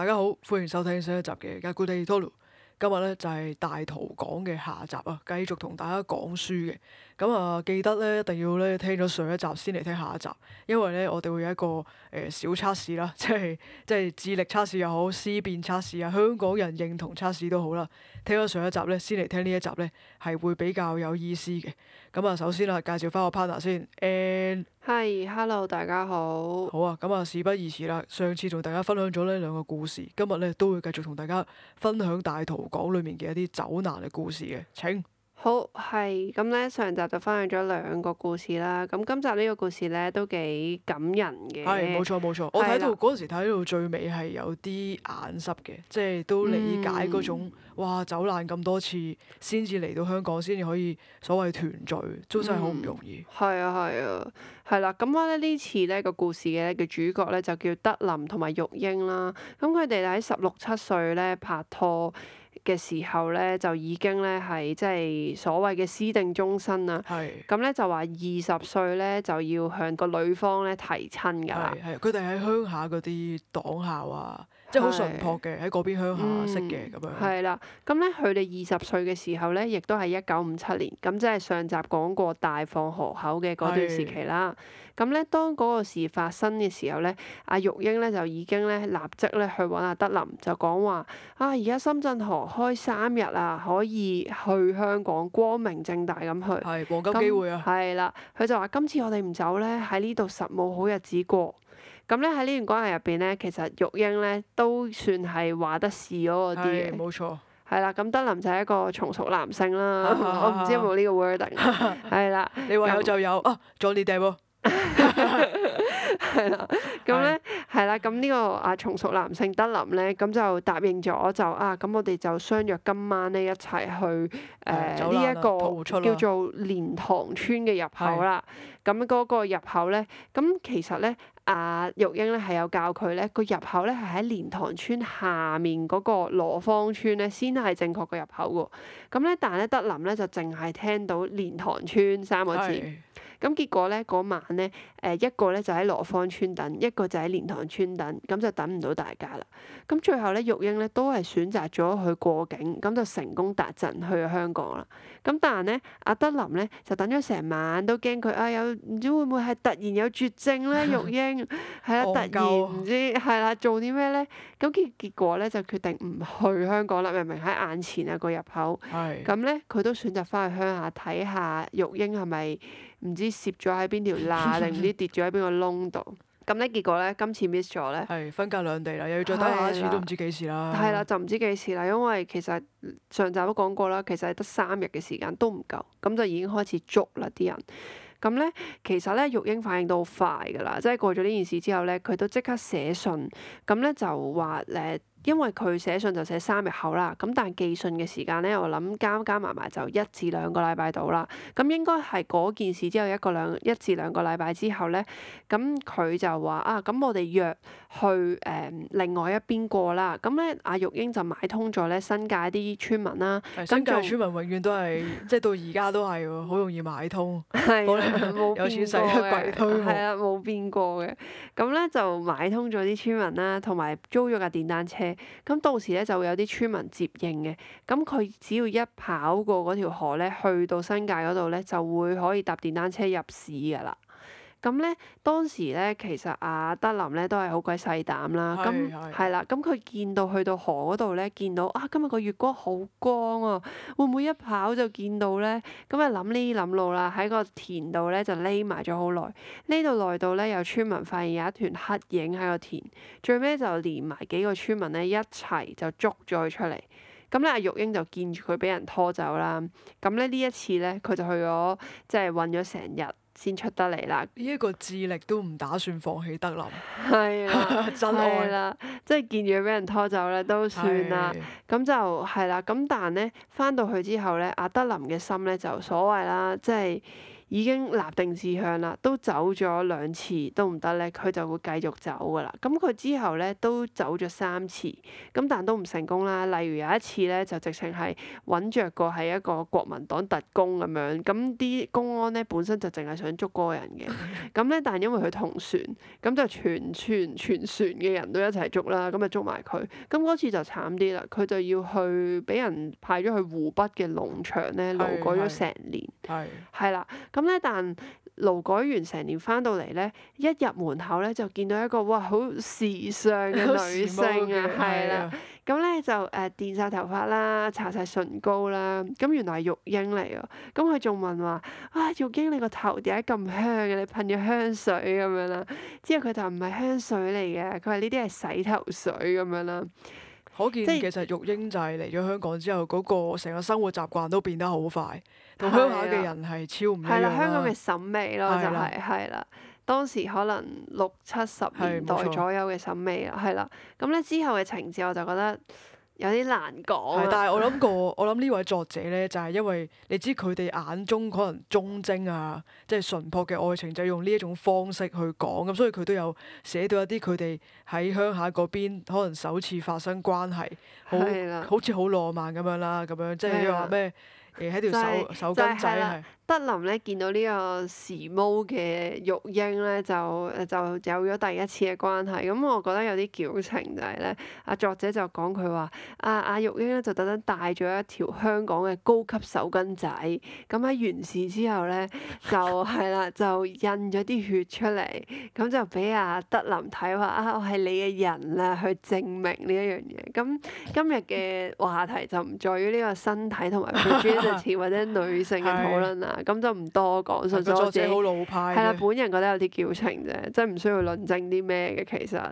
大家好，歡迎收聽上一集嘅《阿古蒂托魯》，今日咧就係、是、大逃港嘅下集啊，繼續同大家講書嘅。咁啊，記得咧一定要咧聽咗上一集先嚟聽下一集，因為咧我哋會有一個誒、呃、小測試啦，即係即係智力測試又好，思辨測試啊，香港人認同測試都好啦。聽咗上一集咧，先嚟聽呢一集咧，係會比較有意思嘅。咁啊，首先啦，介紹翻個 partner 先。誒，hi，hello，大家好。好啊，咁啊，事不宜遲啦。上次同大家分享咗呢兩個故事，今日咧都會繼續同大家分享《大逃港》裏面嘅一啲走難嘅故事嘅。請。好，係咁咧，上集就分享咗兩個故事啦。咁今集呢個故事咧都幾感人嘅。係，冇錯冇錯。錯的我睇到嗰陣時睇到最尾係有啲眼濕嘅，即係都理解嗰種、嗯、哇走難咁多次先至嚟到香港，先至可以所謂團聚，都真係好唔容易。係啊係啊，係啦。咁我咧呢次咧個故事咧嘅主角咧就叫德林同埋玉英啦。咁佢哋喺十六七歲咧拍拖。嘅時候咧，就已經咧係即係所謂嘅私定終身啦。咁咧係就話二十歲咧就要向個女方咧提親㗎啦。係係，佢哋喺鄉下嗰啲黨校啊。即係好淳樸嘅，喺嗰是邊鄉下識嘅咁、嗯、樣。係啦，咁咧佢哋二十歲嘅時候咧，亦都係一九五七年，咁即係上集講過大放河口嘅嗰段時期啦。咁咧的，那當嗰個事發生嘅時候咧，阿玉英咧就已經咧立即咧去揾阿德林，就講話啊，而家深圳河開三日啊，可以去香港光明正大咁去。係黃金機會啊！係啦，佢就話：今次我哋唔走咧，喺呢度實冇好日子過。咁咧喺呢段關係入邊咧，其實玉英咧都算係話得事嗰啲嘢，冇錯。係啦，咁德林就係一個從屬男性啦， 我唔知有冇呢個 wording。係啦 的，你話有就有啊 j 你哋 n n y 係啦，咁咧係啦，咁呢的個啊從屬男性德林咧，咁就答應咗就啊，咁我哋就相約今晚咧一齊去誒呢一個叫做蓮塘村嘅入口啦。咁嗰的個入口咧，咁其實咧。啊，玉英咧係有教佢咧，個入口咧係喺蓮塘村下面嗰個羅芳村咧，先係正確嘅入口噶。咁咧，但係咧德林咧就淨係聽到蓮塘村三個字。咁結果咧，嗰晚咧，誒一個咧就喺羅芳村等，一個就喺蓮塘村等，咁就等唔到大家啦。咁最後咧，玉英咧都係選擇咗去過境，咁就成功達陣去香港啦。咁但係咧，阿德林咧就等咗成晚，都驚佢啊！有唔知會唔會係突然有絕症咧？ 玉英係啦，啊、 突然唔知係啦、啊，做啲咩咧？咁結結果咧就決定唔去香港啦，明明喺眼前啊個入口。係是。咁咧，佢都選擇翻去鄉下睇下玉英係咪。唔知攝咗喺邊條罅，定唔知跌咗喺邊個窿度？咁咧 結果咧，今次 miss 咗咧，係分隔兩地啦，又要再等下一次的都唔知幾時啦。係啦，就唔知幾時啦，因為其實上集都講過啦，其實係得三日嘅時間都唔夠，咁就已經開始捉啦啲人。咁咧，其實咧，玉英反應都好快㗎啦，即係過咗呢件事之後咧，佢都即刻寫信，咁咧就話咧。因為佢寫信就寫三日後啦，咁但寄信嘅時間咧，我諗加加埋埋就一至兩個禮拜到啦。咁應該係嗰件事之後一個兩一至兩個禮拜之後咧，咁佢就話啊，咁我哋約去誒、呃、另外一邊過啦。咁咧，阿、啊、玉英就買通咗咧新界啲村民啦。新界村民永遠都係 即係到而家都係好容易買通。係啊 的，冇你變過。有錢使得鬼推磨。係啊 ，冇變過嘅。咁咧就買通咗啲村民啦，同埋租咗架電單車。咁到時咧就會有啲村民接應嘅，咁佢只要一跑過嗰條河咧，去到新界嗰度咧，就會可以搭電單車入市㗎啦。咁咧，當時咧，其實阿、啊、德林咧都係好鬼細膽啦。咁係啦，咁佢見到去到河嗰度咧，見到啊，今日個月光好光啊、哦，會唔會一跑就見到咧？咁啊諗呢諗路啦，喺個田度咧就匿埋咗好耐。匿到耐到咧，有村民發現有一團黑影喺個田，最尾就連埋幾個村民咧一齊就捉咗佢出嚟。咁咧，阿玉英就見住佢俾人拖走啦。咁咧呢一次咧，佢就去咗即係混咗成日。先出得嚟啦！呢一個智力都唔打算放棄德林， 係真案 啊，真係啦，即係見住俾人拖走咧都算啦，咁是就係啦。咁、啊、但係咧翻到去之後咧，阿德林嘅心咧就所謂啦，即係。已經立定志向啦，都走咗兩次都唔得咧，佢就會繼續走噶啦。咁佢之後咧都走咗三次，咁但都唔成功啦。例如有一次咧，就直情係揾著個係一個國民黨特工咁樣，咁啲公安咧本身就淨係想捉個人嘅，咁咧但因為佢同船，咁就全，全，全船全船嘅人都一齊捉啦，咁就捉埋佢。咁嗰次就慘啲啦，佢就要去俾人派咗去湖北嘅農場咧，勞改咗成年，係是、嗯、啦。咁咧，但勞改完成年翻到嚟咧，一入門口咧就見到一個哇好時尚嘅女性啊，係啦。咁咧的的、嗯、就誒電曬頭髮啦，搽晒唇膏啦。咁原來係玉英嚟嘅。咁佢仲問話：啊，玉英你個頭點解咁香嘅、啊？你噴咗香水咁樣啦。之後佢就話唔係香水嚟嘅，佢話呢啲係洗頭水咁樣啦。可見其實玉英仔嚟咗香港之後，嗰、那個成個生活習慣都變得好快，同鄉下嘅人係超唔一樣。係啦，香港嘅審美咯、就是，就係係啦。當時可能六七十年代左右嘅審美啦，係啦的。咁咧的之後嘅情節，我就覺得。有啲難講、啊、但係我諗過，我諗呢位作者咧，就係、是、因為你知佢哋眼中可能忠貞啊，即、就、係、是、純朴嘅愛情，就是、用呢一種方式去講咁，所以佢都有寫到一啲佢哋喺鄉下嗰邊可能首次發生關係，對了 好好似好浪漫咁樣啦，咁樣即係你話咩？誒、就是，喺對了、欸、條手、就是、手巾仔係。就是就是德林咧見到呢個時髦嘅玉英咧，就就有咗第一次嘅關係。咁我覺得有啲矯情就係咧，阿作者就講佢話：阿、啊、阿、啊、玉英咧就特登帶咗一條香港嘅高級手巾仔。咁喺完事之後咧，就係啦，就印咗啲血出嚟，咁就俾阿德林睇話：啊，我係你嘅人啦，去證明呢一樣嘢。咁今日嘅話題就唔在於呢個身體同埋佢 e m i n i i 或者女性嘅討論啦、啊。咁就唔多講，純粹我自己係啦。本人覺得有啲矯情啫，即係唔需要論證啲咩嘅。其實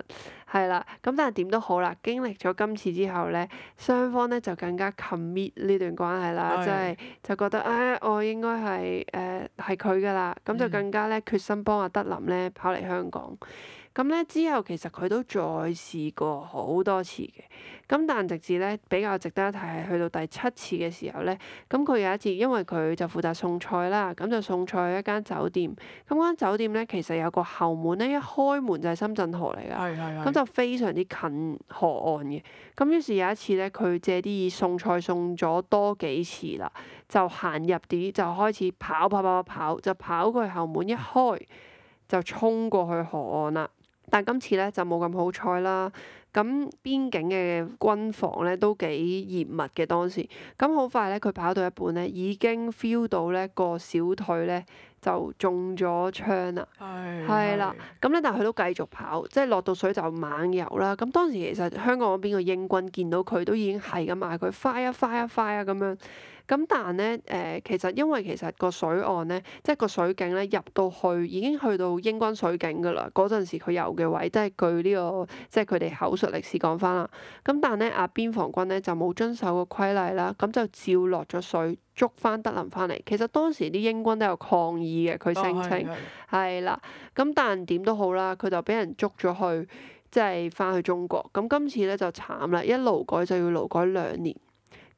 係啦，咁但係點都好啦。經歷咗今次之後咧，雙方咧就更加 commit 呢段關係啦，即係的就，就覺得誒、哎，我應該係誒係佢噶啦。咁、呃、就更加咧決心幫阿德林咧跑嚟香港。咁咧之後其實佢都再試過好多次嘅，咁但直至咧比較值得一提係去到第七次嘅時候咧，咁佢有一次因為佢就負責送菜啦，咁就送菜去一間酒店，咁間酒店咧其實有個後門咧，一開門就係深圳河嚟㗎，咁是就非常之近河岸嘅，咁於是有一次咧佢借啲意送菜送咗多幾次啦，就行入啲就開始跑跑跑跑跑，就跑過去後門一開就衝過去河岸啦。但今次咧就冇咁好彩啦，咁邊境嘅軍防咧都幾嚴密嘅，當時，咁好快咧佢跑到一半咧已經 feel 到咧個小腿咧就中咗槍啦，係啦的，咁咧的但係佢都繼續跑，即係落到水就猛遊啦。咁當時其實香港邊個英軍見到佢都已經係咁嗌佢快 i 快 e 快 i r 咁樣。咁但咧，誒、呃、其實因為其實個水岸咧，即係個水警咧入到去已經去到英軍水警噶啦，嗰陣時佢遊嘅位都係據呢、呢個即係佢哋口述歷史講翻啦。咁但咧，阿邊防軍咧就冇遵守個規例啦，咁就照落咗水捉翻德林翻嚟。其實當時啲英軍都有抗議嘅，佢聲稱係啦。咁、哦、但點都好啦，佢就俾人捉咗去即係翻去中國。咁今次咧就慘啦，一勞改就要勞改兩年。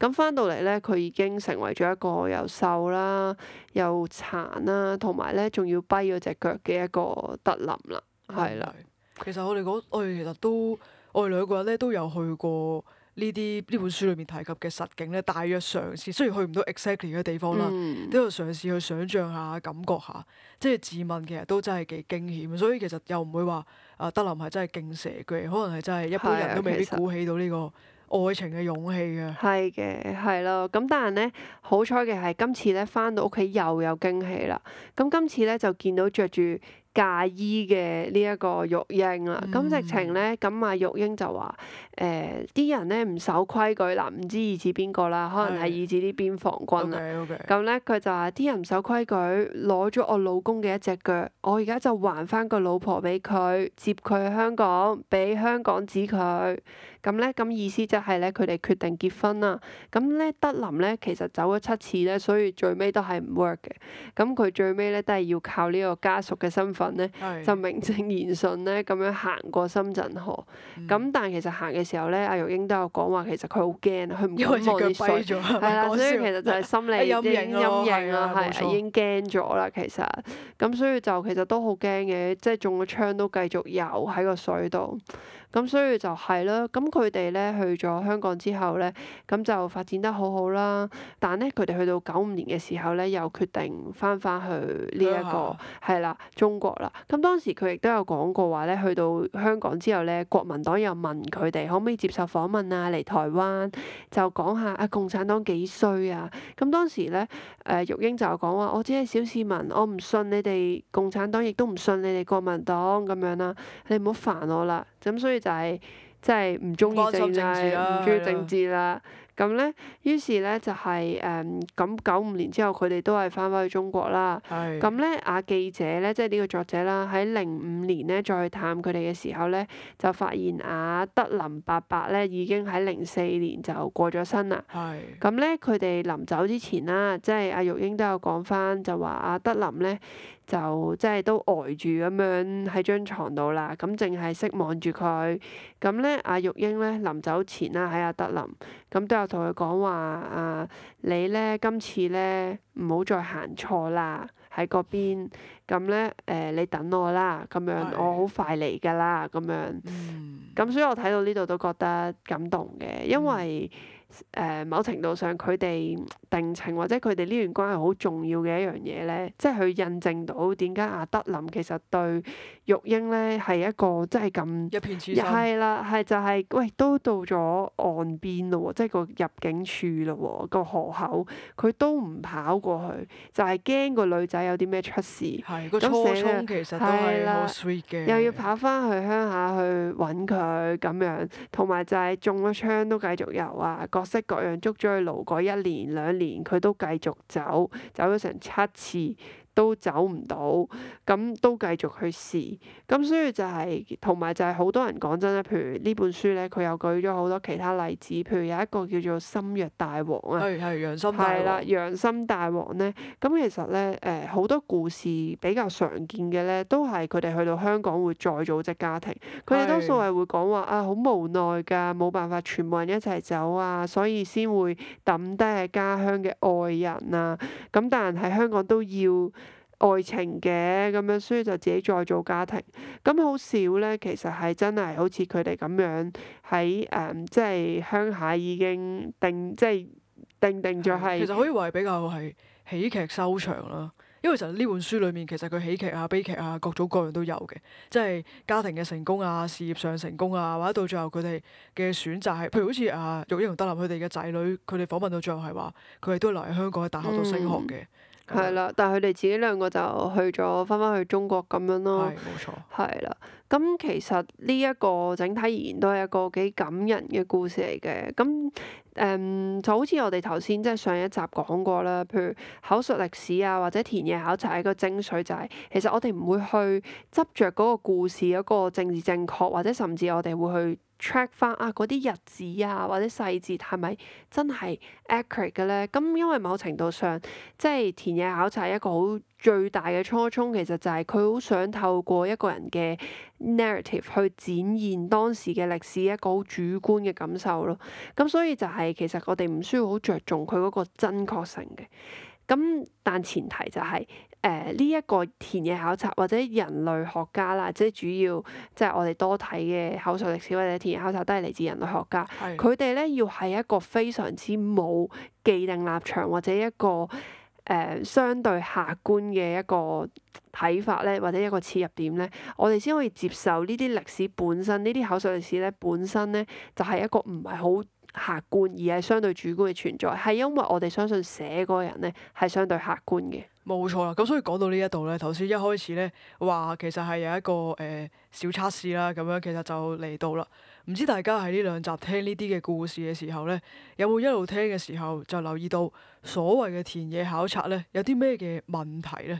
咁翻到嚟咧，佢已經成為咗一個又瘦啦、又殘啦，同埋咧仲要跛咗隻腳嘅一個德林啦。係啦，嗯、其實我哋講，我哋其實都我哋兩個人咧都有去過呢啲呢本書裏面提及嘅實景咧，大約嘗試，雖然去唔到 exactly 嘅地方啦，嗯、都要嘗試去想像下、感覺下，即係自問其實都真係幾驚險。所以其實又唔會話啊德林係真係勁蛇腳，可能係真係一般人都未必估起到呢、這個。嗯愛情嘅勇氣嘅，係嘅，係咯。咁但係咧，好彩嘅係今次咧翻到屋企又有驚喜啦。咁今次咧就見到着住嫁衣嘅呢一個玉英啦。咁直、嗯、情咧，咁啊玉英就話：誒、呃、啲人咧唔守規矩啦，唔知意指邊個啦，可能係意指呢邊防軍啦。咁咧佢就話：啲人唔守規矩，攞咗、okay, okay. 我老公嘅一隻腳，我而家就還翻個老婆俾佢，接佢去香港，俾香港指佢。咁咧，咁意思就係咧，佢哋決定結婚啦。咁咧，德林咧，其實走咗七次咧，所以最尾都係唔 work 嘅。咁佢最尾咧，都係要靠呢個家屬嘅身份咧，的就名正言順咧，咁樣行過深圳河。咁、嗯、但係其實行嘅時候咧，阿玉英都有講話，其實佢好驚，佢唔敢落啲水。啦， 所以其實就係心理陰影啦，係已經驚咗啦。其實咁所以就其實都好驚嘅，即係中咗槍都繼續遊喺個水度。咁所以就係咯。咁佢哋咧去咗香港之後咧，咁就發展得好好啦。但咧佢哋去到九五年嘅時候咧，又決定翻返去呢一個係啦、啊、中國啦。咁當時佢亦都有講過話咧，去到香港之後咧，國民黨又問佢哋可唔可以接受訪問啊？嚟台灣就講下啊，共產黨幾衰啊！咁當時咧，誒玉英就講話我只係小市民，我唔信你哋共產黨，亦都唔信你哋國民黨咁樣啦。你唔好煩我啦。咁所以就係即係唔中意政治，唔中意政治啦、啊。咁咧，於是咧就係誒咁九五年之後，佢哋都係翻返去中國啦。咁咧的，阿、啊、記者咧，即係呢個作者啦，喺零五年咧再去探佢哋嘅時候咧，就發現阿、啊、德林伯伯咧已經喺零四年就過咗身啦。咁咧的，佢哋臨走之前啦，即係阿、啊、玉英都有講翻，就話阿、啊、德林咧就即係都呆住咁樣喺張床度啦。咁淨係識望住佢。咁咧，阿、啊、玉英咧臨走前啦，喺阿、啊、德林。咁都有同佢講話啊！你咧今次咧唔好再行錯啦，喺嗰邊咁咧誒，你等我啦，咁樣的我好快嚟噶啦，咁樣咁、嗯、所以我睇到呢度都覺得感動嘅，因為。誒某程度上，佢哋定情或者佢哋呢段關係好重要嘅一樣嘢咧，即係去印證到點解阿德林其實對玉英咧係一個即係咁，一片痴心。係啦，係就係，喂都到咗岸邊咯，即係個入境處咯，個河口佢都唔跑過去，就係驚個女仔有啲咩出事，咁寫啊，又要跑翻去鄉下去揾佢咁樣同埋就係中咗槍都繼續游啊各式各樣，捉咗去勞改一年兩年，佢都繼續走，走咗成七次。都走唔到，咁都繼續去試，咁所以就係同埋就係好多人講真咧，譬如呢本書咧，佢又舉咗好多其他例子，譬如有一個叫做心藥大王啊，係係養心大王，係啦養心大王咧，咁其實咧誒好多故事比較常見嘅咧，都係佢哋去到香港會再組織家庭，佢哋是多數係會講話啊好無奈㗎，冇辦法全部人一齊走啊，所以先會抌低喺家鄉嘅愛人啊，咁但係香港都要。愛情嘅咁樣，所以就自己再組家庭。咁好少咧，其實係真係好似佢哋咁樣喺誒，即係鄉下已經定，即係定定咗、就、係、是。其實可以話係比較係喜劇收場啦，因為其實呢本書裡面其實佢喜劇啊、悲劇啊各種各樣都有嘅，即係家庭嘅成功啊、事業上成功啊，或者到最後佢哋嘅選擇係，譬如好似啊，玉英和德林佢哋嘅仔女，佢哋訪問到最後係話，佢哋都留喺香港喺大學度升學嘅。嗯係啦，但佢哋自己兩個就去咗翻翻去中國咁樣咯，係冇錯。係啦，咁其實呢一個整體而言都係一個幾感人嘅故事嚟嘅。咁誒、嗯、就好似我哋頭先即係上一集講過啦，譬如口述歷史啊，或者田野考察嘅精髓就係、是，其實我哋唔會去執著嗰個故事一、嗰個政治正確，或者甚至我哋會去 track 翻啊嗰啲日子啊或者細節係咪真係 accurate 嘅咧？咁因為某程度上即係田野考察一個好最大嘅初衷，其實就係佢好想透過一個人嘅 narrative 去展現當時嘅歷史一個好主觀嘅感受咯。咁所以就係其實我哋唔需要好着重佢嗰個真確性嘅。咁但前提就係、是。誒呢一個田野考察或者人類學家啦，即係主要即係、就是、我哋多睇嘅口述歷史或者田野考察都係嚟自人類學家。佢哋咧要係一個非常之冇既定立場或者一個誒、呃、相對客觀嘅一個睇法咧，或者一個切入點咧，我哋先可以接受呢啲歷史本身，呢啲口述歷史咧本身咧就係、是、一個唔係好客觀而係相對主觀嘅存在，係因為我哋相信寫嗰個人咧係相對客觀嘅。冇錯啦，咁所以講到呢一度咧，頭先一開始咧話其實係有一個誒、呃、小測試啦，咁樣其實就嚟到啦。唔知大家喺呢兩集聽呢啲嘅故事嘅時候咧，有冇一路聽嘅時候就留意到所謂嘅田野考察咧有啲咩嘅問題咧，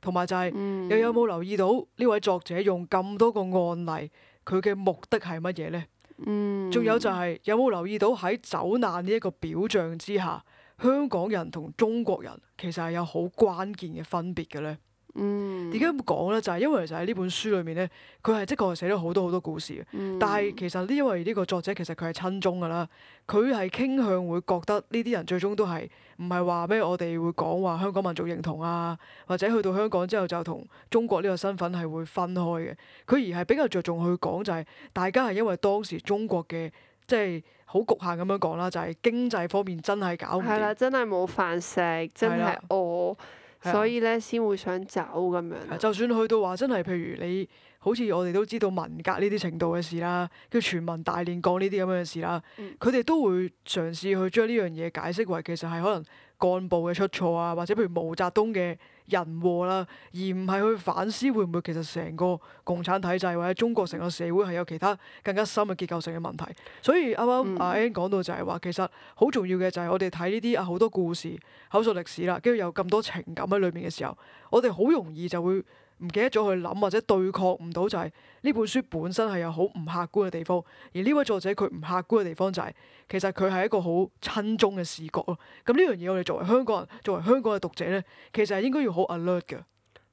同埋就係、是嗯、又有冇留意到呢位作者用咁多個案例，佢嘅目的係乜嘢咧？嗯，仲有就係有冇留意到喺走難呢一個表象之下，香港人同中國人其實係有好關鍵嘅分別嘅咧？嗯，點解咁講咧？就係、是、因為就喺呢本書裏面咧，佢係即係個寫咗好多好多故事嘅。嗯、但係其實呢，因為呢個作者其實佢係親中噶啦，佢係傾向會覺得呢啲人最終都係唔係話咩？我哋會講話香港民族認同啊，或者去到香港之後就同中國呢個身份係會分開嘅。佢而係比較着重去講就係大家係因為當時中國嘅即係好局限咁樣講啦，就係、是、經濟方面真係搞唔掂，係啦，真係冇飯食，真係餓了。我所以咧，先會想走咁樣。就算去到話真係，譬如你好似我哋都知道文革呢啲程度嘅事啦，叫全民大煉鋼呢啲咁樣嘅事啦，佢哋都會嘗試去將呢樣嘢解釋為其實係可能幹部嘅出錯啊，或者譬如毛澤東嘅人禍啦，而唔係去反思會唔會其實成個共產體制或者中國成個社會係有其他更加深嘅結構性嘅問題。所以啱啱、嗯、阿 An 講到就係話，其實好重要嘅就係我哋睇呢啲啊好多故事、口述歷史啦，跟住有咁多情感喺裏面嘅時候，我哋好容易就會。唔記得咗去諗或者對抗唔到就係、是、呢本書本身係有好唔客觀嘅地方，而呢位作者佢唔客觀嘅地方就係、是、其實佢係一個好親中嘅視角咯。咁呢樣嘢我哋作為香港人，作為香港嘅讀者咧，其實係應該要好 alert 嘅。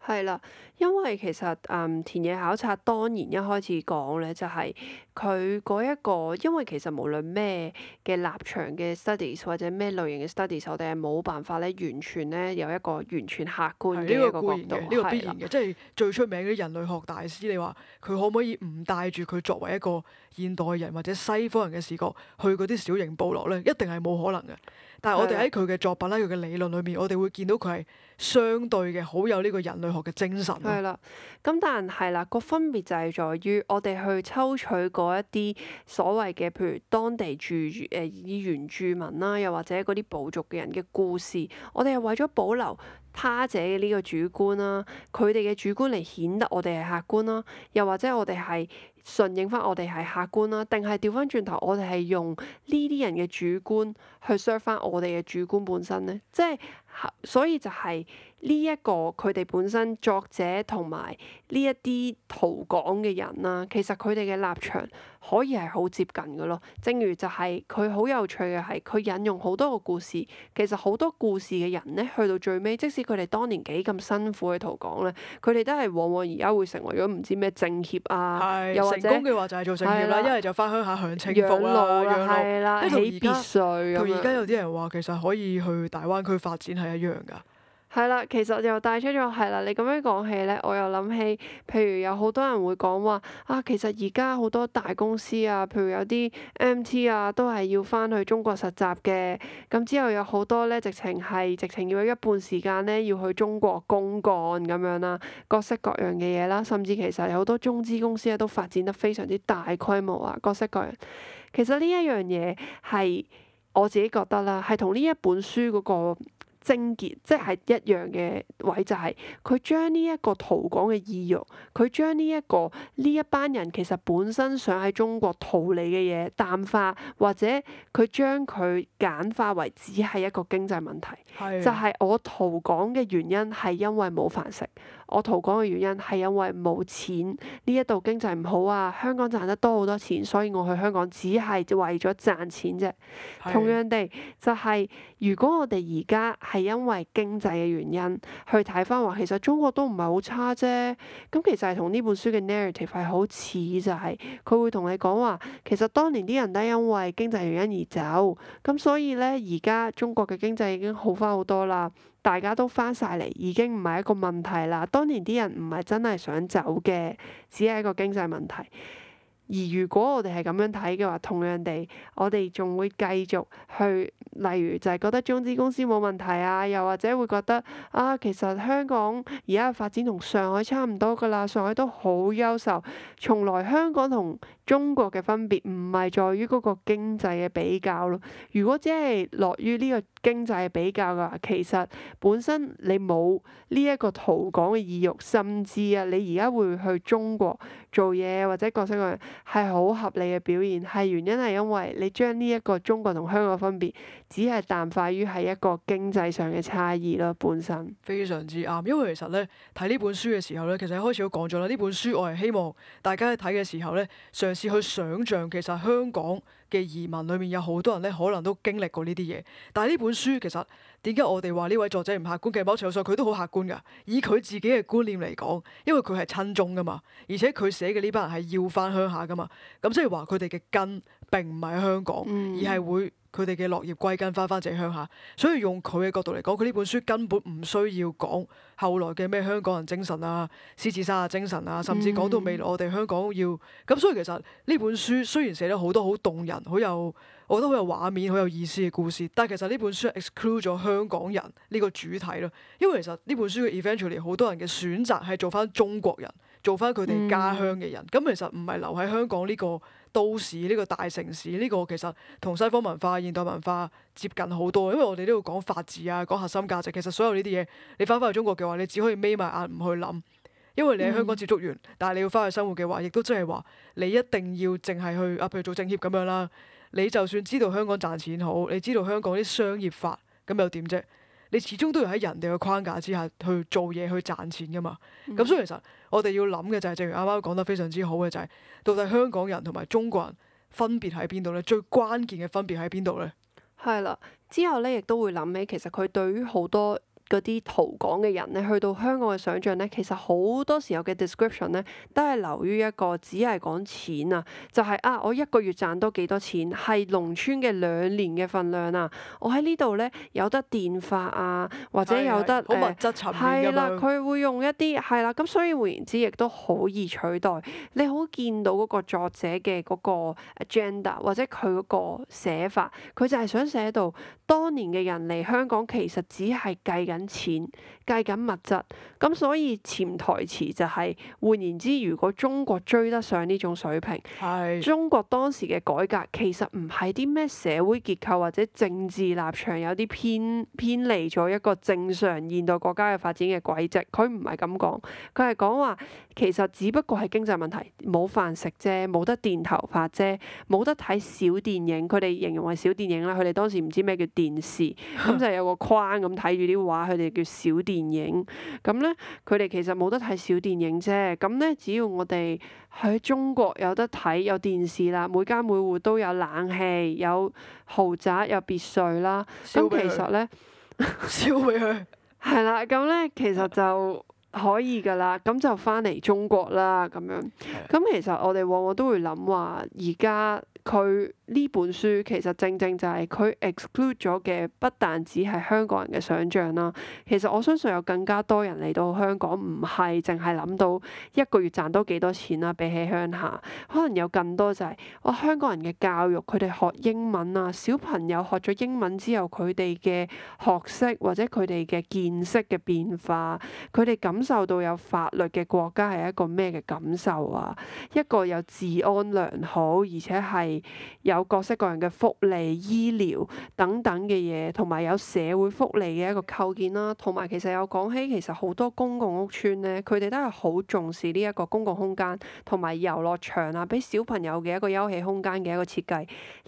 係啦，因為其實嗯，田野考察當然一開始講咧，就係佢嗰一個，因為其實無論咩嘅立場嘅 studies 或者咩類型嘅 studies，我哋係冇辦法咧完全咧有一個完全客觀呢一個角度，呢、這個、呢個必然嘅，即係最出名嘅人類學大師，你話佢可唔可以唔帶住佢作為一個現代人或者西方人嘅視角去嗰啲小型部落咧，一定係冇可能嘅。但係我哋喺佢嘅作品啦，佢嘅了理論裏面，我哋會見到佢係相對嘅，好有呢個人類學嘅精神。係啦，咁但係啦，個分別就係在於我哋去抽取嗰一啲所謂嘅，譬如當地住誒以、呃、原住民啦，又或者嗰啲部族嘅人嘅故事，我哋係為咗保留他者嘅呢個主觀啦，佢哋嘅主觀嚟顯得我哋係客觀啦，又或者我哋係。順應翻我哋係客觀啦，定係調翻轉頭我哋係用呢啲人嘅主觀去 serve 翻我哋嘅主觀本身咧，即係。所以就係呢一個佢哋本身作者同埋呢一啲逃港嘅人啦、啊，其實佢哋嘅立場可以係好接近㗎囉。正如就係佢好有趣嘅係，佢引用好多個故事，其實好多故事嘅人咧，去到最尾，即使佢哋當年幾咁辛苦去逃港咧，佢哋都係往往而家會成為咗唔知咩政協啊，是又成功嘅話就係做政協啦，一係的就翻鄉下享清福啦、啊，起別墅咁樣。而家有啲人話其實可以去大灣區發展係係一樣噶，係啦。其實又帶出咗係啦。你咁樣講起咧，我又諗起，譬如有好多人會講話啊。其實而家好多大公司啊，譬如有啲 MT 啊，都係要翻去中國實習嘅。咁之後有好多咧，直情係直情要一半時間咧，要去中國公幹咁樣啦，各式各樣嘅嘢啦。甚至其實有好多中資公司咧、啊，都發展得非常之大規模啊，各式各樣。其實呢一樣嘢係我自己覺得啦，係同呢一本書嗰、那個。症結即係一樣嘅位，就係佢將呢一個逃港嘅意欲，佢將呢一個呢一班人其實本身想喺中國逃離嘅嘢淡化，或者佢將佢簡化為只係一個經濟問題，是就係我逃港嘅原因係因為冇飯食。我逃港嘅原因係因為冇錢，呢一度經濟唔好啊。香港賺得多好多錢，所以我去香港只係為咗賺錢啫。是同樣地，就係、是、如果我哋而家係因為經濟嘅原因去睇翻話，其實中國都唔係好差啫。咁其實係同呢本書嘅 narrative 係好似就係、是、佢會同你講話，其實當年啲人都係因為經濟原因而走，咁所以咧而家中國嘅經濟已經好翻好多啦。大家都翻晒嚟已經唔係一個問題啦。當年啲人唔係真係想走嘅，只係一個經濟問題。而如果我哋係咁樣睇嘅話，同樣地，我哋仲會繼續去，例如就係覺得中資公司冇問題啊，又或者會覺得啊，其實香港而家嘅發展同上海差唔多㗎啦，上海都好優秀，從來香港同中國嘅分別唔係在於嗰個經濟嘅比較咯，如果只係落於呢個經濟嘅比較噶話，其實本身你冇呢一個逃港嘅意欲，甚至啊，你而家會，會去中國做嘢或者各式各樣，係好合理嘅表現，係原因係因為你將呢一個中國同香港分別。只係淡化於喺一個經濟上嘅差異啦，本身非常之啱。因為其實咧睇呢本書嘅時候咧，其實一開始都講咗啦。呢本書我係希望大家喺睇嘅時候咧，嘗試去想像其實香港嘅移民裏面有好多人咧，可能都經歷過呢啲嘢。但係呢本書其實點解我哋話呢位作者唔客觀嘅？某程度上佢都好客觀噶，以佢自己嘅觀念嚟講，因為佢係親中噶嘛，而且佢寫嘅呢班人係要翻鄉下噶嘛，咁即係話佢哋嘅根並唔係香港，嗯、而係會。佢哋嘅落葉歸根，翻返自己鄉下，所以用佢嘅角度嚟講，佢呢本書根本唔需要講後來嘅咩香港人精神啊、獅子山啊精神啊，甚至講到未來我哋香港要咁。所以其實呢本書雖然寫咗好多好動人、好有，我覺得好有畫面、好有意思嘅故事，但係其實呢本書 exclude 咗香港人呢個主題咯。因為其實呢本書嘅 eventually 好多人嘅選擇係做翻中國人，做翻佢哋家鄉嘅人。咁、嗯、其實唔係留喺香港呢、呢個。都市呢個大城市呢，呢個其實同西方文化、現代文化接近好多，因為我哋都要講法治啊，講核心價值。其實所有呢啲嘢，你翻返去中國嘅話，你只可以眯埋眼唔去諗，因為你喺香港接觸完，嗯、但係你要翻去生活嘅話，亦都即係話你一定要淨係去啊，譬如做政協咁樣啦。你就算知道香港賺錢好，你知道香港啲商業法咁又點啫？你始終都要喺人哋嘅框架之下去做嘢，去賺錢噶嘛。咁所以其實我哋要諗嘅就係，正如啱啱講得非常之好嘅就係，到底香港人同埋中國人分別喺邊度咧？最關鍵嘅分別喺邊度咧？係啦，之後咧亦都會諗起其實佢對於好多。嗰啲逃港嘅人咧，去到香港嘅想象咧，其實好多時候嘅 description 咧，都係流於一個只係講錢、就係、啊，就係啊我一個月賺多幾多錢，係農村嘅兩年嘅份量啊，我喺呢度咧有得電發啊，或者有得誒，係啦，佢會用一啲係啦，咁所以換言之亦都好易取代。你好見到嗰個作者嘅嗰個 agenda 或者佢嗰個寫法，佢就係想寫到當年嘅人嚟香港其實只係計緊。揾錢計緊物質，咁所以潛台詞就係、是、換言之，如果中國追得上呢種水平，是中國當時嘅改革其實唔係啲咩社會結構或者政治立場有啲偏偏離咗一個正常現代國家嘅發展嘅軌跡。佢唔係咁講，佢係講話其實只不過係經濟問題，冇飯食啫，冇得電頭髮啫，冇得睇小電影。佢哋形容為小電影啦，佢哋當時唔知咩叫電視，咁 就有個框咁睇住啲畫。佢哋叫小電影，咁咧佢哋其實冇得睇小電影啫。咁咧，只要我哋喺中國有得睇有電視啦，每家每戶都有冷氣，有豪宅有別墅啦。咁其實咧，燒俾佢。係 啦。咁咧其實就可以㗎啦。咁就翻嚟中國啦。咁樣。咁其實我哋往往都會諗話，而家。佢呢本書其實正正就係佢 exclude 咗嘅，不單止係香港人嘅想象啦。其實我相信有更加多人嚟到香港，唔係淨係諗到一個月賺多幾多錢啦、啊，比起鄉下，可能有更多就係、是、我香港人嘅教育，佢哋學英文啊，小朋友學咗英文之後，佢哋嘅學識或者佢哋嘅見識嘅變化，佢哋感受到有法律嘅國家係一個咩嘅感受啊？一個有治安良好，而且係。有各式各樣嘅福利、醫療等等嘅嘢，同埋有，有社會福利嘅一個構建啦，同埋其實有講起，其實好多公共屋邨呢，佢哋都係好重視呢一個公共空間同埋遊樂場啊，俾小朋友嘅一個休息空間嘅一個設計。呢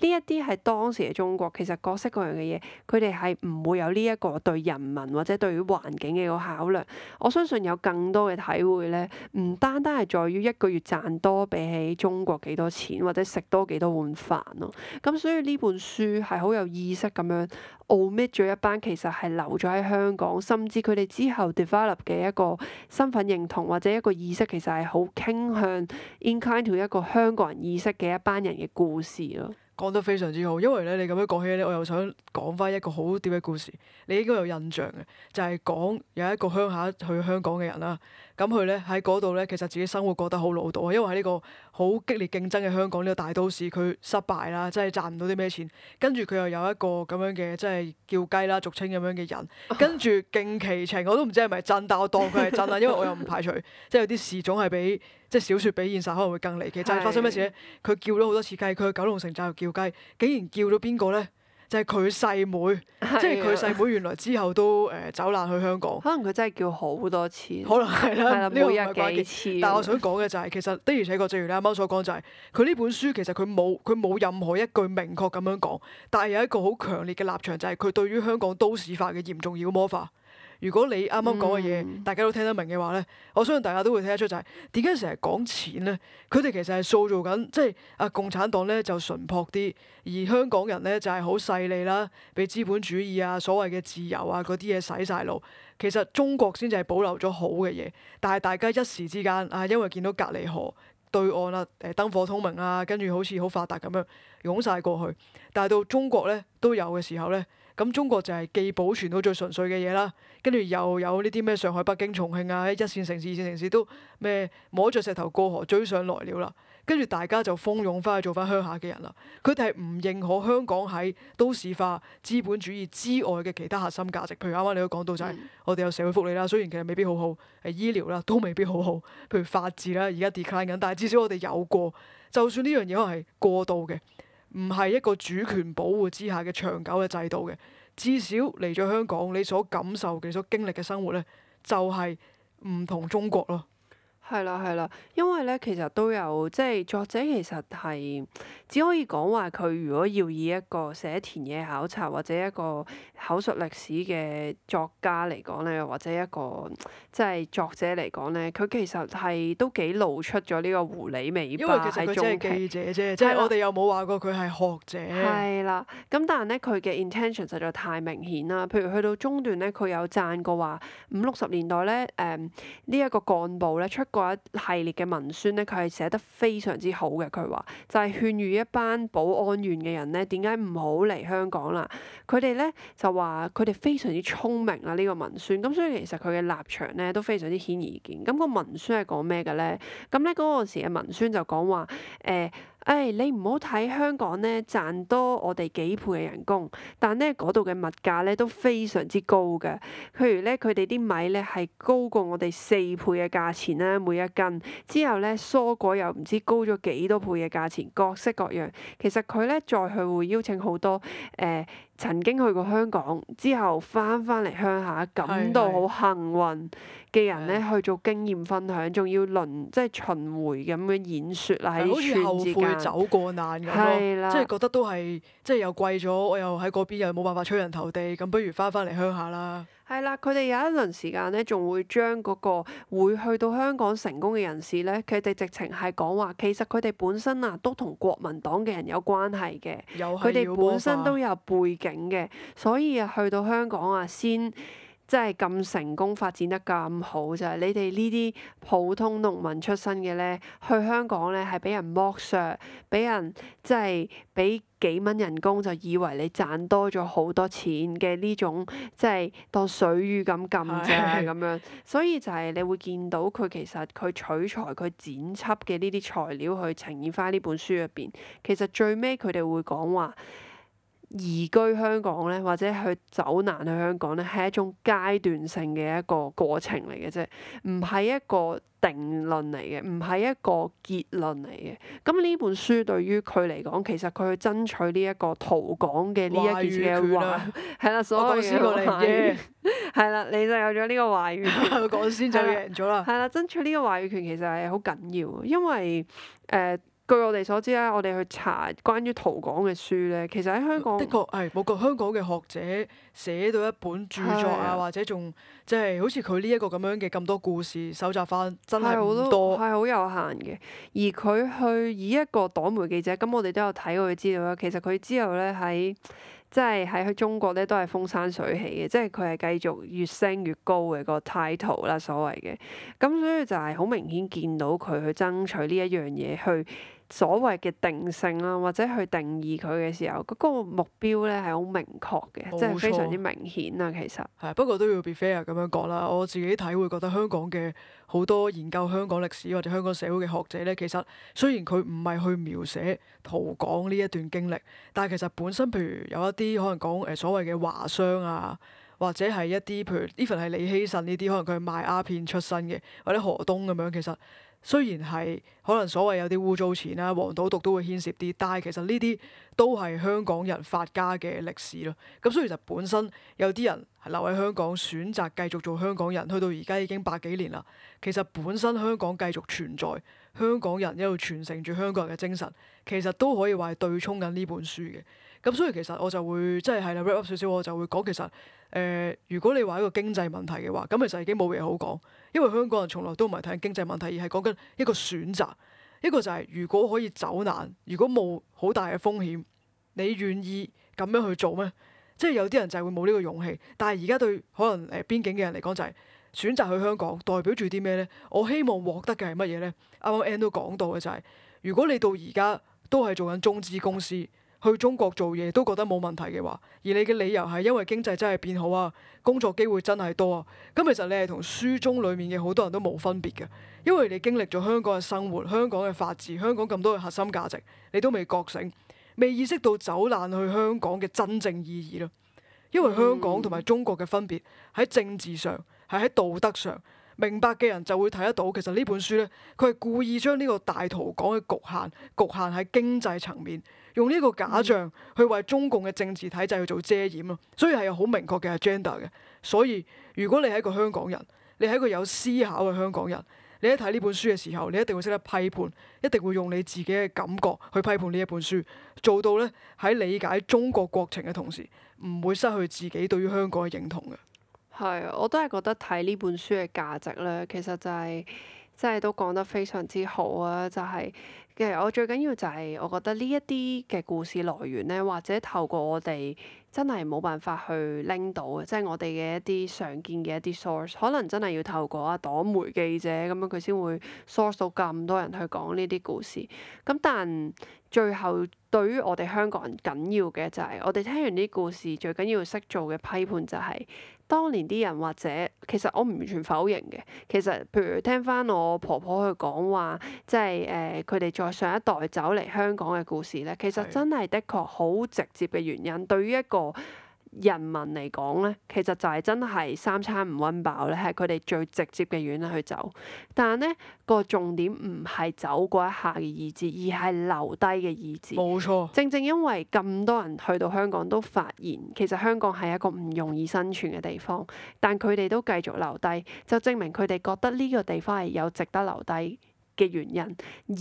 一啲係當時嘅中國，其實各式各樣嘅嘢，佢哋係唔會有呢一個對人民或者對於環境嘅一個考量。我相信有更多嘅體會呢，唔單單係在於一個月賺多比起中國幾多錢，或者食多幾多。半飯咯，咁所以呢本書係好有意識咁樣 omit 咗一班其實係留咗喺香港，甚至佢哋之後 develop 嘅一個身份認同或者一個意識，其實係好傾向 incarnate 一個香港人意識嘅一班人嘅故事咯。講得非常之好，因為呢你咁樣講起呢，我又想講返一個好啲嘅故事。你應該有印象嘅，就係、是、講有一個鄉下去香港嘅人啦。咁佢咧喺嗰度咧，其實自己生活過得好潦倒。啊，因為喺呢個好激烈競爭嘅香港呢個大都市，佢失敗啦，真係賺唔到啲咩錢。跟住佢又有一個咁樣嘅，即係叫雞啦，俗稱咁樣嘅人。啊、跟住勁奇情，我都唔知係咪真，但我當佢係真啦，因為我又唔排除， 即係有啲事總係比即係小説比現實可能會更離奇。就係發生咩事咧？佢叫咗好多次雞，佢去九龍城就係叫雞，竟然叫咗邊個咧？就係佢細妹，是的 即係佢細妹原來之後都誒、呃、走難去香港，可能佢真係叫好多次，可能係啦，呢啲唔係關鍵。怪怪但係我想講嘅就係，其實的而且確，正如你啱、啊、啱所講，就係佢呢本書其實佢冇佢冇任何一句明確咁樣講，但係有一個好強烈嘅立場，就係、是、佢對於香港都市化嘅嚴重妖魔化。如果你啱啱講嘅嘢，大家都聽得明嘅話咧，我相信大家都會聽得出就係點解成日講錢咧？佢哋其實係塑造緊，即係啊共產黨咧就純樸啲，而香港人咧就係、是、好勢利啦，俾資本主義啊、所謂嘅自由啊嗰啲嘢洗晒腦。其實中國先至係保留咗好嘅嘢，但係大家一時之間啊，因為見到隔離河對岸啦、啊，誒燈火通明啊，跟住好似好發達咁樣擁晒過去。但係到中國咧都有嘅時候咧。咁中國就係既保存到最純粹嘅嘢啦，跟住又有呢啲咩上海、北京、重慶啊，喺一線城市、二線城市都咩摸着石頭過河追上來了啦。跟住大家就蜂擁翻去做翻鄉下嘅人啦。佢哋係唔認可香港喺都市化、資本主義之外嘅其他核心價值，譬如啱啱你都講到就係我哋有社會福利啦，雖然其實未必好好，係醫療啦都未必好好，譬如法治啦而家 decline 緊，但係至少我哋有過，就算呢樣嘢係過度嘅。唔係一個主權保護之下嘅長久嘅制度嘅，至少嚟咗香港，你所感受嘅、所經歷嘅生活咧，就係、是、唔同中國咯。係啦，係啦，因為咧，其實都有即係、就是、作者其實係。只可以講話佢如果要以一個寫田野考察或者一個口述歷史嘅作家嚟講咧，或者一個即係、就是、作者嚟講咧，佢其實係都幾露出咗呢個狐狸尾巴喺中間。因為其實佢只係記者啫，即係我哋又冇話過佢係學者。係啦，咁但係咧，佢嘅 intention 實在太明顯啦。譬如去到中段咧，佢有讚過話五六十年代咧，誒呢一個幹部咧出過一系列嘅文宣咧，佢係寫得非常之好嘅。佢話就係勸喻。一班保安員嘅人咧，點解唔好嚟香港啦？佢哋咧就話佢哋非常之聰明啦，呢、個文宣咁，所以其實佢嘅立場咧都非常之顯而易見。咁、個文宣係講咩嘅咧？咁咧嗰陣時嘅文宣就講話誒。欸誒、哎，你唔好睇香港咧賺多我哋幾倍嘅人工，但咧嗰度嘅物價咧都非常之高㗎。譬如咧，佢哋啲米咧係高過我哋四倍嘅價錢啦，每一斤。之後咧，蔬果又唔知高咗幾多倍嘅價錢，各式各樣。其實佢咧再去會邀請好多誒。呃曾經去過香港之後翻翻嚟鄉下，感到好幸運嘅人咧去做經驗分享，仲要輪即係巡迴咁樣演說啊，喺全時間走過難咁咯，的即係覺得都係即係又貴咗，我又喺嗰邊又冇辦法出人頭地，咁不如翻翻嚟鄉下啦。係啦，佢哋有一輪時間咧，仲會將嗰個會去到香港成功嘅人士咧，佢哋直情係講話，其實佢哋本身啊都同國民黨嘅人有關係嘅，佢哋本身都有背景嘅，所以啊去到香港啊先即係咁成功發展得咁好就係、是、你哋呢啲普通農民出身嘅咧，去香港咧係俾人剝削，俾人即係俾。幾蚊人工就以為你賺多咗好多錢嘅呢種，嗯、即係當水魚咁撳啫咁樣，樣 所以就係你會見到佢其實佢取材，佢剪輯嘅呢啲材料去呈現返呢本書入邊，其實最尾佢哋會講話。移居香港咧，或者去走難去香港咧，係一種階段性嘅一個過程嚟嘅啫，唔係一個定論嚟嘅，唔係一個結論嚟嘅。咁呢本書對於佢嚟講，其實佢去爭取呢一個逃港嘅呢一件事嘅話，啊，係啦、 啊，所有嘅係啦，你就有咗呢個話語。講先就贏咗啦。係啦，爭取呢個話語權其實係好緊要，因為誒。呃據我哋所知咧，我哋去查關於逃港嘅書咧，其實喺香，香港的確係冇個香港嘅學者寫到一本著作啊，的或者仲即係好似佢呢一個咁樣嘅咁多故事搜集翻，真係好多係好有限嘅。而佢去以一個黨媒記者，咁我哋都有睇睇佢資料啦。其實佢之後咧喺即係喺中國咧都係風生水起嘅，即係佢係繼續越升越高嘅、個 title 啦，所謂嘅。咁所以就係好明顯見到佢去爭取呢一樣嘢去。所謂嘅定性啦，或者去定義佢嘅時候，嗰個目標咧係好明確嘅，錯即係非常之明顯啊！其實係不過都要 be fair 咁樣講啦。我自己體會覺得香港嘅好多研究香港歷史或者香港社會嘅學者咧，其實雖然佢唔係去描寫逃港呢一段經歷，但係其實本身譬如有一啲可能講誒所謂嘅華商啊，或者係一啲譬如 even 係李希慎呢啲，可能佢賣鴉片出身嘅，或者何東咁樣，其實。雖然係可能所謂有啲污糟錢啦，黃賭毒都會牽涉啲，但係其實呢啲都係香港人發家嘅歷史咯。咁所以其實本身有啲人留喺香港，選擇繼續做香港人，去到而家已經百幾年啦。其實本身香港繼續存在，香港人一路傳承住香港人嘅精神，其實都可以話係對沖緊呢本書嘅。咁所以其實我就會即係係啦 rap 少少，up some，我就會講其實誒、呃，如果你話一個經濟問題嘅話，咁其實已經冇嘢好講。因為香港人從來都唔係睇經濟問題，而係講緊一個選擇。一個就係如果可以走難，如果冇好大嘅風險，你願意咁樣去做咩？即係有啲人就係會冇呢個勇氣。但係而家對可能誒邊境嘅人嚟講，就係選擇去香港，代表住啲咩呢？我希望獲得嘅係乜嘢呢？啱啱 Ann 都講到嘅就係、是，如果你到而家都係做緊中資公司。去中國做嘢都覺得冇問題嘅話，而你嘅理由係因為經濟真係變好啊，工作機會真係多啊。咁其實你係同書中裡面嘅好多人都冇分別嘅，因為你經歷咗香港嘅生活、香港嘅法治、香港咁多嘅核心價值，你都未覺醒，未意識到走難去香港嘅真正意義咯。因為香港同埋中國嘅分別喺政治上，係喺道德上，明白嘅人就會睇得到。其實呢本書呢，佢係故意將呢個大逃港嘅局限，局限喺經濟層面。用呢個假象去為中共嘅政治體制去做遮掩咯，所以係有好明確嘅 agenda 嘅。所以如果你係一個香港人，你係一個有思考嘅香港人，你一睇呢本書嘅時候，你一定會識得批判，一定會用你自己嘅感覺去批判呢一本書，做到呢喺理解中國國情嘅同時，唔會失去自己對於香港嘅認同嘅。係啊，我都係覺得睇呢本書嘅價值咧，其實就係、是、真係都講得非常之好啊，就係、是。其實我最緊要就係我覺得呢一啲嘅故事來源咧，或者透過我哋真係冇辦法去拎到嘅，即係我哋嘅一啲常見嘅一啲 source，可能真係要透過一黨媒記者咁樣佢先會 source 到咁多人去講呢啲故事。咁但最後對於我哋香港人緊要嘅就係，我哋聽完啲故事最緊要識做嘅批判就係。當年啲人或者其實我唔完全否認嘅，其實譬如聽翻我婆婆去講話，即係誒佢哋再上一代走嚟香港嘅故事咧，其實真係的確好直接嘅原因，對於一個人民嚟講咧，其實就係真係三餐唔溫飽咧，係佢哋最直接嘅原因去走。但係咧，嗰個重點唔係走過一下嘅意志，而係留低嘅意志。冇錯錯。正正因為咁多人去到香港都發現，其實香港係一個唔容易生存嘅地方，但佢哋都繼續留低，就證明佢哋覺得呢個地方係有值得留低。嘅原因，而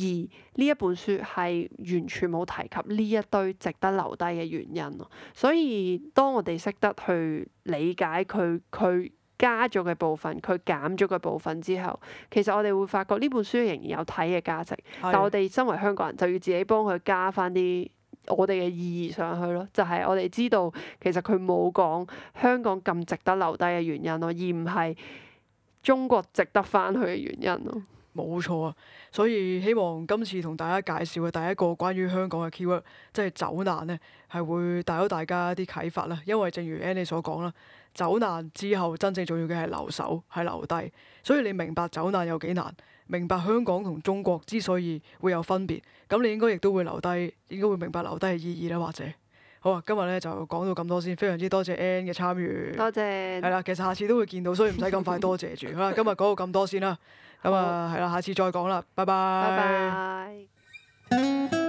呢一本書係完全冇提及呢一堆值得留低嘅原因咯。所以當我哋識得去理解佢，佢加咗嘅部分，佢減咗嘅部分之後，其實我哋會發覺呢本書仍然有睇嘅價值。但的我哋身為香港人，就要自己幫佢加翻啲我哋嘅意義上去咯。就係、是、我哋知道其實佢冇講香港咁值得留低嘅原因咯，而唔係中國值得翻去嘅原因咯。冇錯啊，所以希望今次同大家介紹嘅第一個關於香港嘅 keyword，即係走難咧，係會帶到大家啲啟發啦。因為正如 Annie 所講啦，走難之後真正重要嘅係留守，係留低。所以你明白走難有幾難，明白香港同中國之所以會有分別，咁你應該亦都會留低，應該會明白留低嘅意義啦，或者。好，啊，今日咧就講到咁多先，非常之多謝 Ann 嘅參與。多謝，多謝。係啦，其實下次都會見到，所以唔使咁快多謝住。 好啦，今日講到咁多先啦，咁 啊係啦好，下次再講啦，拜拜。拜拜 bye。